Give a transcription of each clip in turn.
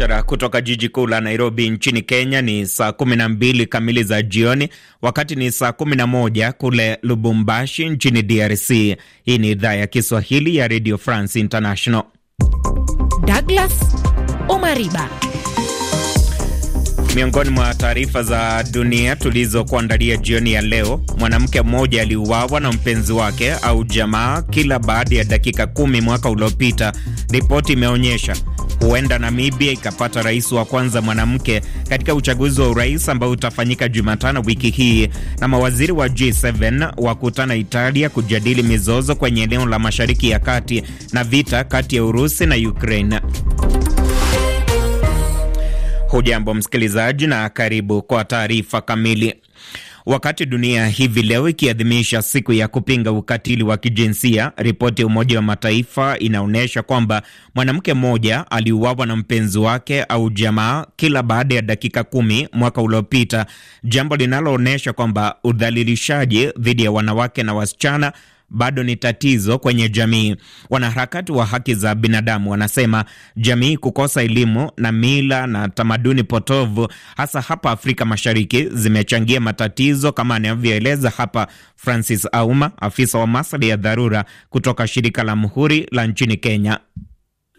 mubashara kutoka jiji kuu la Nairobi nchini Kenya. Ni saa 12 kamili za jioni, wakati ni saa 11 kule Lubumbashi nchini DRC. Hii ni idhaa ya Kiswahili ya Radio France International. Douglas Omariba Miongoni mwa taarifa za dunia tulizokuandalia jioni ya leo, mwanamke mmoja aliuawa na mpenzi wake au jamaa kila baada ya dakika kumi mwaka uliopita, ripoti imeonyesha. Huenda Namibia ikapata rais wa kwanza mwanamke katika uchaguzi wa urais ambao utafanyika Jumatano wiki hii. Na mawaziri wa G7 wakutana Italia kujadili mizozo kwenye eneo la Mashariki ya Kati na vita kati ya Urusi na Ukraine. Hujambo msikilizaji, na karibu kwa taarifa kamili. Wakati dunia hivi leo ikiadhimisha siku ya kupinga ukatili wa kijinsia, ripoti ya Umoja wa Mataifa inaonyesha kwamba mwanamke mmoja aliuawa na mpenzi wake au jamaa kila baada ya dakika kumi mwaka uliopita, jambo linaloonyesha kwamba udhalilishaji dhidi ya wanawake na wasichana bado ni tatizo kwenye jamii. Wanaharakati wa haki za binadamu wanasema jamii kukosa elimu na mila na tamaduni potovu, hasa hapa Afrika Mashariki, zimechangia matatizo kama anavyoeleza hapa Francis Auma, afisa wa masuala ya dharura kutoka shirika la Muhuri la nchini Kenya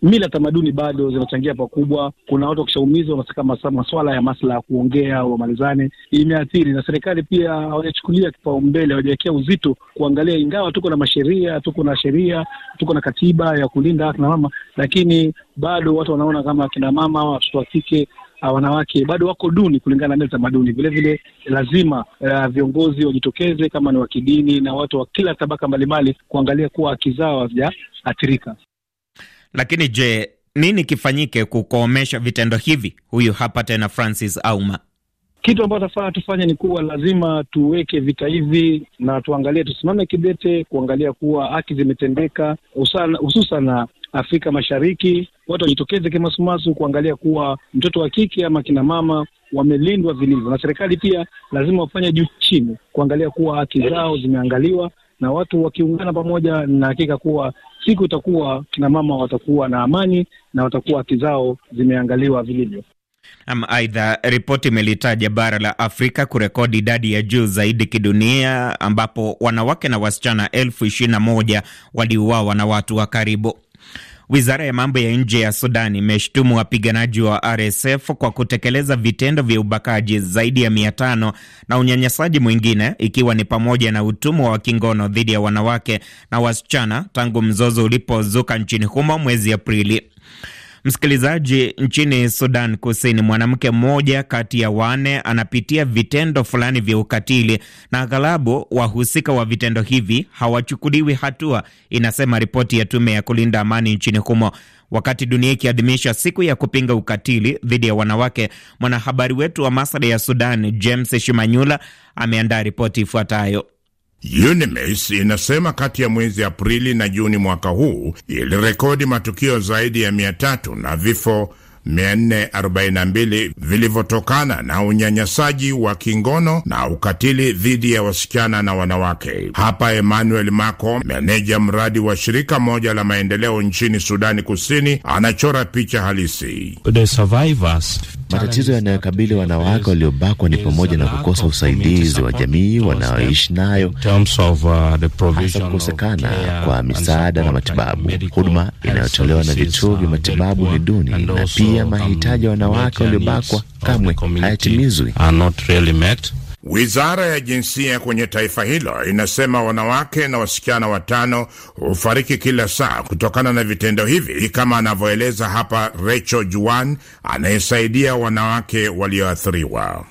mila tamaduni bado zinachangia pakubwa. Kuna watu wakishaumizwa, maswala ya maslaha ya kuongea, wamalizane, imeathiri na serikali pia hawajachukulia kipaumbele, hawajawekea uzito kuangalia, ingawa tuko na masheria, tuko na sheria, tuko na katiba ya kulinda akina mama, lakini bado watu wanaona kama akina mama, watoto wa kike ah, wanawake bado wako duni kulingana na mila tamaduni. Vilevile lazima uh, viongozi wajitokeze kama ni wa kidini na watu wa kila tabaka mbalimbali kuangalia kuwa haki zao hazijaathirika. Lakini je, nini kifanyike kukomesha vitendo hivi? Huyu hapa tena Francis Auma. Kitu ambacho tafaa tufanye ni kuwa lazima tuweke vita hivi na tuangalie, tusimame kidete kuangalia kuwa haki zimetendeka, hususan Afrika Mashariki. Watu wajitokeze kimasumasu kuangalia kuwa mtoto wa kike ama kina mama wamelindwa vilivyo, na serikali pia lazima wafanye juu chini kuangalia kuwa haki zao zimeangaliwa, na watu wakiungana pamoja, na hakika kuwa siku itakuwa kina mama watakuwa na amani na watakuwa haki zao zimeangaliwa vilivyo. Aidha, ripoti imelitaja bara la Afrika kurekodi idadi ya juu zaidi kidunia ambapo wanawake na wasichana elfu ishirini na moja waliuawa na watu wa karibu Wizara ya mambo ya nje ya Sudan imeshtumu wapiganaji wa RSF kwa kutekeleza vitendo vya ubakaji zaidi ya mia tano na unyanyasaji mwingine ikiwa ni pamoja na utumwa wa kingono dhidi ya wanawake na wasichana tangu mzozo ulipozuka nchini humo mwezi Aprili. Msikilizaji, nchini Sudan Kusini, mwanamke mmoja kati ya wanne anapitia vitendo fulani vya ukatili, na aghalabu wahusika wa vitendo hivi hawachukuliwi hatua, inasema ripoti ya tume ya kulinda amani nchini humo. Wakati dunia ikiadhimisha siku ya kupinga ukatili dhidi ya wanawake, mwanahabari wetu wa masuala ya Sudan James Shimanyula ameandaa ripoti ifuatayo. UNIMES inasema kati ya mwezi Aprili na Juni mwaka huu ilirekodi matukio zaidi ya 300 na vifo 442 vilivyotokana na unyanyasaji wa kingono na ukatili dhidi ya wasichana na wanawake. Hapa Emmanuel Mako, meneja mradi wa shirika moja la maendeleo nchini Sudani Kusini, anachora picha halisi. The survivors Matatizo yanayokabili wanawake waliobakwa ni pamoja na kukosa usaidizi wa jamii wanaoishi nayo, uh, hasa kukosekana kwa misaada na matibabu. Huduma inayotolewa na vituo vya matibabu ni duni, na pia mahitaji ya wanawake waliobakwa kamwe hayatimizwi. Wizara ya jinsia kwenye taifa hilo inasema wanawake na wasichana watano hufariki kila saa kutokana na vitendo hivi, kama anavyoeleza hapa Rachel Juan anayesaidia wanawake walioathiriwa.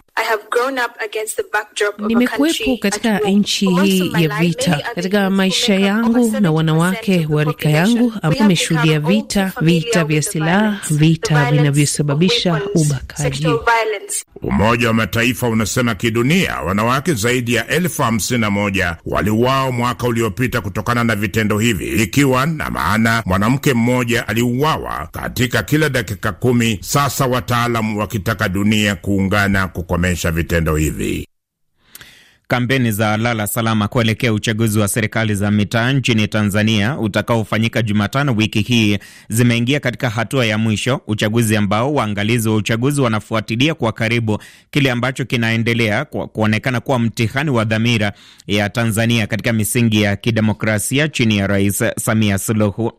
Nimekuwepo katika nchi hii ya vita katika maisha yangu, na wanawake wa rika yangu ambao wameshuhudia vita, vita vya silaha, vita vinavyosababisha ubakaji. Umoja wa Mataifa unasema kidunia, wanawake zaidi ya elfu hamsini na moja waliuawa mwaka uliopita kutokana na vitendo hivi, ikiwa na maana mwanamke mmoja aliuawa katika kila dakika kumi. Sasa wataalamu wakitaka dunia kuungana kukomesha kukomesha vitendo hivi. Kampeni za lala salama kuelekea uchaguzi wa serikali za mitaa nchini Tanzania utakaofanyika Jumatano wiki hii zimeingia katika hatua ya mwisho, uchaguzi ambao waangalizi wa uchaguzi wanafuatilia kwa karibu kile ambacho kinaendelea kwa kuonekana kuwa mtihani wa dhamira ya Tanzania katika misingi ya kidemokrasia chini ya Rais Samia Suluhu.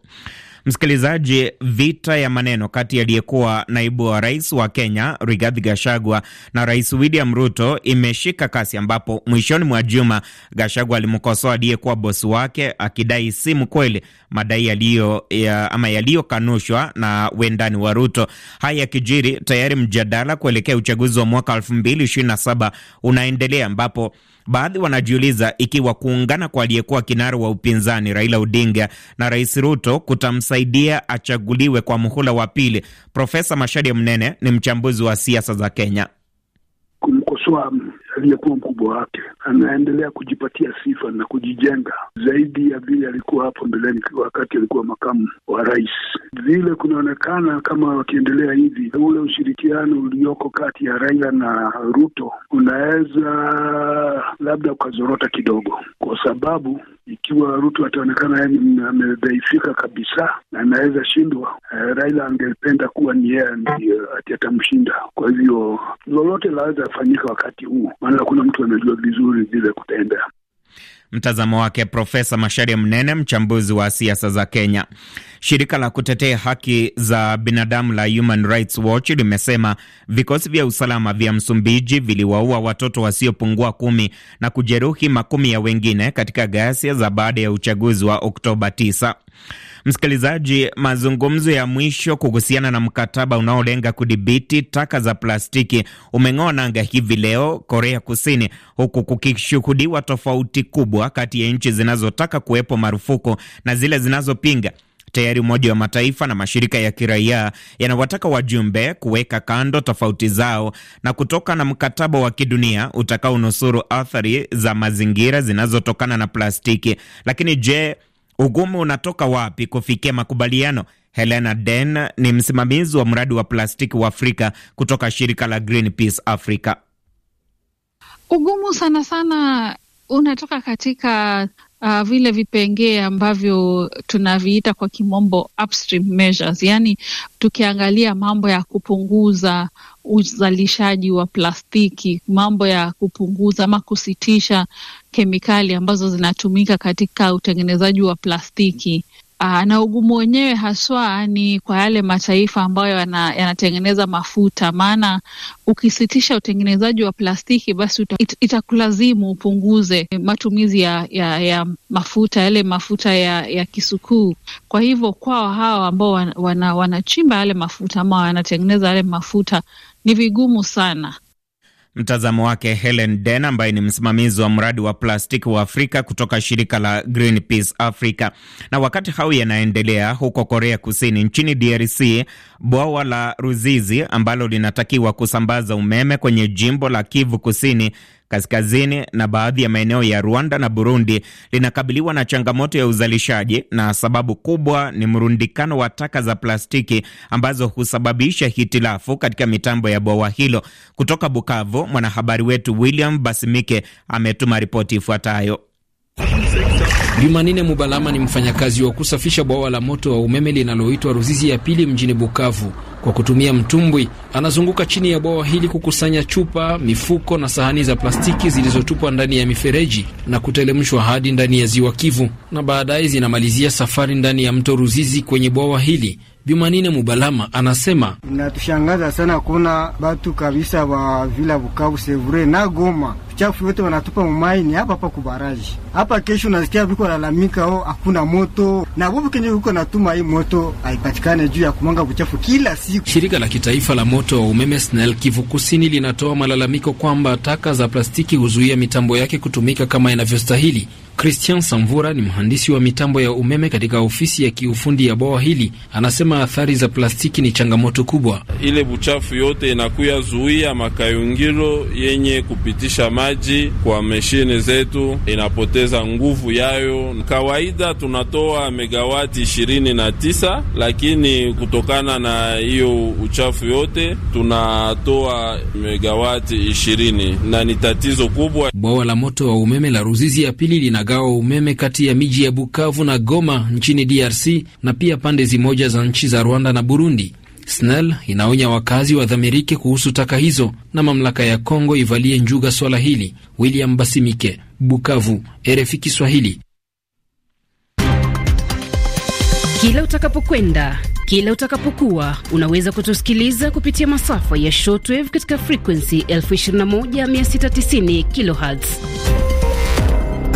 Msikilizaji, vita ya maneno kati ya aliyekuwa naibu wa rais wa Kenya Rigathi Gachagua na Rais William Ruto imeshika kasi, ambapo mwishoni mwa juma Gachagua alimkosoa aliyekuwa bosi wake akidai si mkweli madai yaliyo ya, ama yaliyokanushwa na wendani wa Ruto. Haya yakijiri, tayari mjadala kuelekea uchaguzi wa mwaka 2027 unaendelea ambapo Baadhi wanajiuliza ikiwa kuungana kwa aliyekuwa kinara wa upinzani Raila Odinga na Rais Ruto kutamsaidia achaguliwe kwa muhula wa pili. Profesa Masharia Mnene ni mchambuzi wa siasa za Kenya. Kumkosoa aliyekuwa mkubwa wake, anaendelea kujipatia sifa na kujijenga zaidi ya vile alikuwa hapo mbeleni, wakati alikuwa makamu wa rais. Vile kunaonekana kama wakiendelea hivi, ule ushirikiano ulioko kati ya Raila na Ruto unaweza labda ukazorota kidogo, kwa sababu ikiwa Ruto ataonekana yeye amedhaifika kabisa na anaweza shindwa, eh, Raila angependa kuwa ni yeye ndiye atamshinda. Kwa hivyo lolote laweza fanyika wakati huu maana hakuna mtu anajua vizuri vile kutenda. Mtazamo wake Profesa Masharia Mnene, mchambuzi wa siasa za Kenya. Shirika la kutetea haki za binadamu la Human Rights Watch limesema vikosi vya usalama vya Msumbiji viliwaua watoto wasiopungua kumi na kujeruhi makumi ya wengine katika ghasia za baada ya uchaguzi wa Oktoba 9. Msikilizaji, mazungumzo ya mwisho kuhusiana na mkataba unaolenga kudhibiti taka za plastiki umeng'oa nanga hivi leo Korea Kusini, huku kukishuhudiwa tofauti kubwa kati ya nchi zinazotaka kuwepo marufuku na zile zinazopinga. Tayari Umoja wa Mataifa na mashirika ya kiraia yanawataka wajumbe kuweka kando tofauti zao na kutoka na mkataba wa kidunia utakaonusuru athari za mazingira zinazotokana na plastiki. Lakini je, ugumu unatoka wapi kufikia makubaliano? Helena Den ni msimamizi wa mradi wa plastiki wa Afrika kutoka shirika la Greenpeace Africa. Ugumu sana sana unatoka katika uh, vile vipengee ambavyo tunaviita kwa kimombo upstream measures, yaani tukiangalia mambo ya kupunguza uzalishaji wa plastiki, mambo ya kupunguza ama kusitisha kemikali ambazo zinatumika katika utengenezaji wa plastiki Aa, ah, na ugumu wenyewe haswa ni kwa yale mataifa ambayo yana, yanatengeneza mafuta, maana ukisitisha utengenezaji wa plastiki basi uta, it, itakulazimu upunguze matumizi ya, ya, ya mafuta yale mafuta ya, ya kisukuu. Kwa hivyo kwao hawa ambao wanachimba wana, wana yale mafuta ama wanatengeneza yale mafuta ni vigumu sana Mtazamo wake Helen Den ambaye ni msimamizi wa mradi wa plastiki wa Afrika kutoka shirika la Greenpeace Africa. Na wakati hau yanaendelea huko Korea Kusini, nchini DRC, bwawa la Ruzizi ambalo linatakiwa kusambaza umeme kwenye jimbo la Kivu Kusini kaskazini na baadhi ya maeneo ya Rwanda na Burundi linakabiliwa na changamoto ya uzalishaji, na sababu kubwa ni mrundikano wa taka za plastiki ambazo husababisha hitilafu katika mitambo ya bwawa hilo. Kutoka Bukavu, mwanahabari wetu William Basimike ametuma ripoti ifuatayo. Jumanine Mubalama ni mfanyakazi wa kusafisha bwawa la moto wa umeme linaloitwa Ruzizi ya pili mjini Bukavu. Kwa kutumia mtumbwi, anazunguka chini ya bwawa hili kukusanya chupa, mifuko na sahani za plastiki zilizotupwa ndani ya mifereji na kutelemshwa hadi ndani ya ziwa Kivu, na baadaye zinamalizia safari ndani ya mto Ruzizi kwenye bwawa hili. Bimanine Mubalama anasema inatushangaza sana kuona batu kabisa wa vila Bukavu, Sevure na Goma chafu yote wanatupa mumaini hapa hapa kubaraji hapa. Kesho nasikia viko lalamika o, oh, hakuna moto na bovu kenye viko natuma hii moto haipatikane juu ya kumanga kuchafu kila siku. Shirika la kitaifa la moto wa umeme SNEL Kivu Kusini linatoa malalamiko kwamba taka za plastiki huzuia mitambo yake kutumika kama inavyostahili Christian Samvura ni mhandisi wa mitambo ya umeme katika ofisi ya kiufundi ya bwawa hili. Anasema athari za plastiki ni changamoto kubwa. Ile buchafu yote inakuya zuia makayungilo yenye kupitisha maji kwa mashine zetu, inapoteza nguvu yayo. Kawaida tunatoa megawati ishirini na tisa, lakini kutokana na hiyo uchafu yote tunatoa megawati ishirini na ni tatizo kubwa. Bwawa la moto wa umeme la Ruzizi ya pili lina inagawa umeme kati ya miji ya Bukavu na Goma nchini DRC na pia pande zimoja za nchi za Rwanda na Burundi. SNEL inaonya wakazi wadhamirike kuhusu taka hizo na mamlaka ya Kongo ivalie njuga swala hili. William Basimike, Bukavu, RFI Kiswahili. Kila utakapokwenda, kila utakapokuwa, unaweza kutusikiliza kupitia masafa ya shortwave katika frequency 21690 kilohertz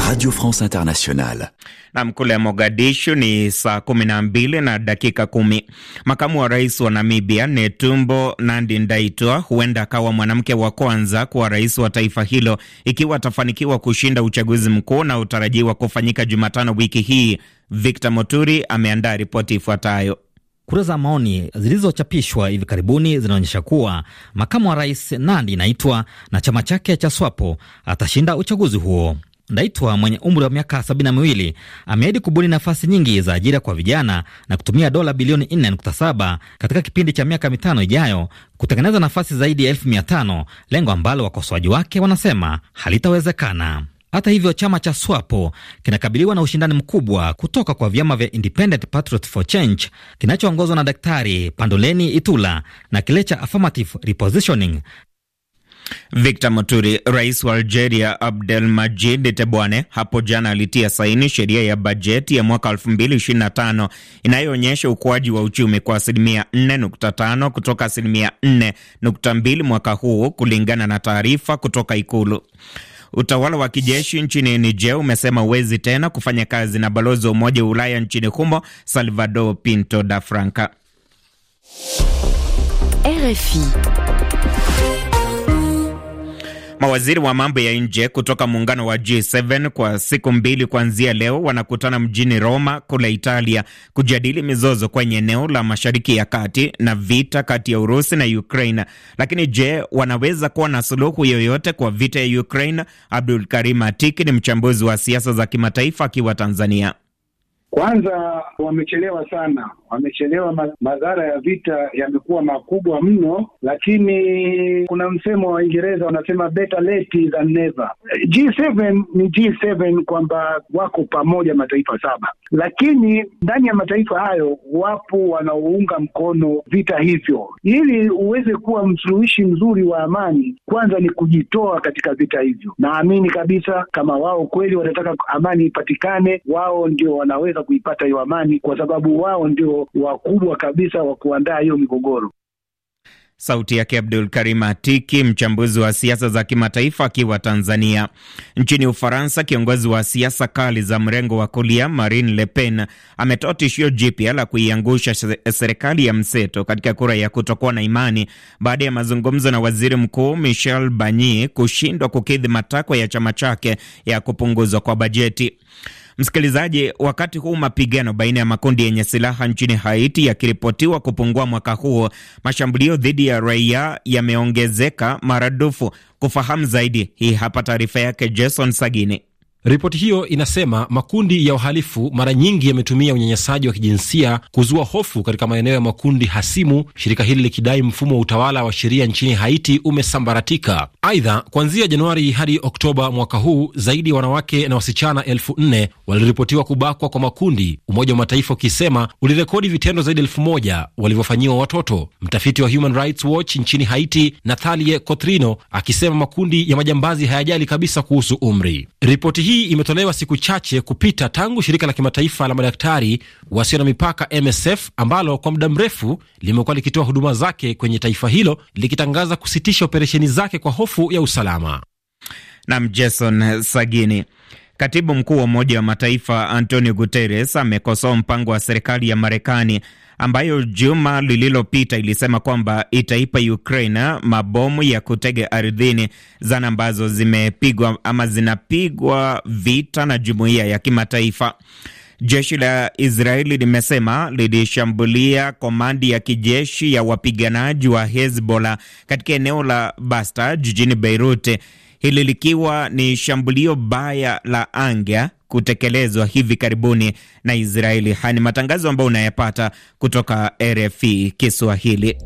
Radio France Internationale. Nam, kule Mogadishu ni saa kumi na mbili na dakika kumi. Makamu wa rais wa Namibia Netumbo Nandi Ndaitwa huenda akawa mwanamke wa kwanza kuwa rais wa taifa hilo ikiwa atafanikiwa kushinda uchaguzi mkuu na utarajiwa kufanyika Jumatano wiki hii. Victor Moturi ameandaa ripoti ifuatayo. Kura za maoni zilizochapishwa hivi karibuni zinaonyesha kuwa makamu wa rais Nandi Ndaitwa na chama chake cha SWAPO atashinda uchaguzi huo. Ndaitwa mwenye umri wa miaka sabini na miwili ameahidi kubuni nafasi nyingi za ajira kwa vijana na kutumia dola bilioni 4.7 katika kipindi cha miaka mitano ijayo kutengeneza nafasi zaidi ya elfu mia tano, lengo ambalo wakosoaji wake wanasema halitawezekana. Hata hivyo chama cha SWAPO kinakabiliwa na ushindani mkubwa kutoka kwa vyama vya Independent Patriot for Change kinachoongozwa na Daktari Pandoleni Itula na kile cha Affirmative Repositioning Victor Muturi. Rais wa Algeria abdel majid Tebboune hapo jana alitia saini sheria ya bajeti ya mwaka 2025 inayoonyesha ukuaji wa uchumi kwa asilimia 4.5 kutoka asilimia 4.2 mwaka huu, kulingana na taarifa kutoka Ikulu. Utawala wa kijeshi nchini Niger umesema uwezi tena kufanya kazi na balozi wa Umoja wa Ulaya nchini humo Salvador Pinto da Franca. RFI Mawaziri wa mambo ya nje kutoka muungano wa G7 kwa siku mbili kuanzia leo wanakutana mjini Roma kule Italia kujadili mizozo kwenye eneo la Mashariki ya Kati na vita kati ya Urusi na Ukraine. Lakini je, wanaweza kuwa na suluhu yoyote kwa vita ya Ukraine? Abdul Karim Atiki ni mchambuzi wa siasa za kimataifa akiwa Tanzania. Kwanza wamechelewa sana wamechelewa. Madhara ya vita yamekuwa makubwa mno, lakini kuna msemo wa Waingereza wanasema better late than never. G7 ni G7 kwamba wako pamoja mataifa saba, lakini ndani ya mataifa hayo wapo wanaounga mkono vita hivyo. Ili uweze kuwa msuluhishi mzuri wa amani, kwanza ni kujitoa katika vita hivyo. Naamini kabisa kama wao kweli wanataka amani ipatikane, wao ndio wanaweza kuipata hiyo amani, kwa sababu wao ndio wakubwa kabisa wa kuandaa hiyo migogoro. Sauti yake Abdul Karim Atiki, mchambuzi wa siasa za kimataifa akiwa Tanzania. Nchini Ufaransa, kiongozi wa siasa kali za mrengo wa kulia Marine Le Pen ametoa tishio jipya la kuiangusha serikali ya mseto katika kura ya kutokuwa na imani baada ya mazungumzo na waziri mkuu Michel Barnier kushindwa kukidhi matakwa ya chama chake ya kupunguzwa kwa bajeti. Msikilizaji, wakati huu mapigano baina ya makundi yenye silaha nchini Haiti yakiripotiwa kupungua mwaka huu, mashambulio dhidi ya raia yameongezeka maradufu. Kufahamu zaidi, hii hapa taarifa yake Jason Sagini. Ripoti hiyo inasema makundi ya uhalifu mara nyingi yametumia unyanyasaji wa kijinsia kuzua hofu katika maeneo ya makundi hasimu, shirika hili likidai mfumo wa utawala wa sheria nchini Haiti umesambaratika. Aidha, kuanzia Januari hadi Oktoba mwaka huu zaidi ya wanawake na wasichana elfu nne waliripotiwa kubakwa kwa makundi, Umoja wa Mataifa ukisema ulirekodi vitendo zaidi elfu moja walivyofanyiwa watoto. Mtafiti wa Human Rights Watch nchini Haiti Nathalie Cotrino akisema makundi ya majambazi hayajali kabisa kuhusu umri. Ripoti hii hii imetolewa siku chache kupita tangu shirika la kimataifa la madaktari wasio na mipaka MSF ambalo kwa muda mrefu limekuwa likitoa huduma zake kwenye taifa hilo likitangaza kusitisha operesheni zake kwa hofu ya usalama. Nam Jason Sagini. Katibu mkuu wa Umoja wa Mataifa Antonio Guterres amekosoa mpango wa serikali ya Marekani ambayo juma lililopita ilisema kwamba itaipa Ukraina mabomu ya kutega ardhini, zana ambazo zimepigwa ama zinapigwa vita na jumuiya ya kimataifa. Jeshi la Israeli limesema lilishambulia komandi ya kijeshi ya wapiganaji wa Hezbollah katika eneo la Basta jijini Beirut, hili likiwa ni shambulio baya la anga kutekelezwa hivi karibuni na Israeli. Haya ni matangazo ambayo unayapata kutoka RFI Kiswahili.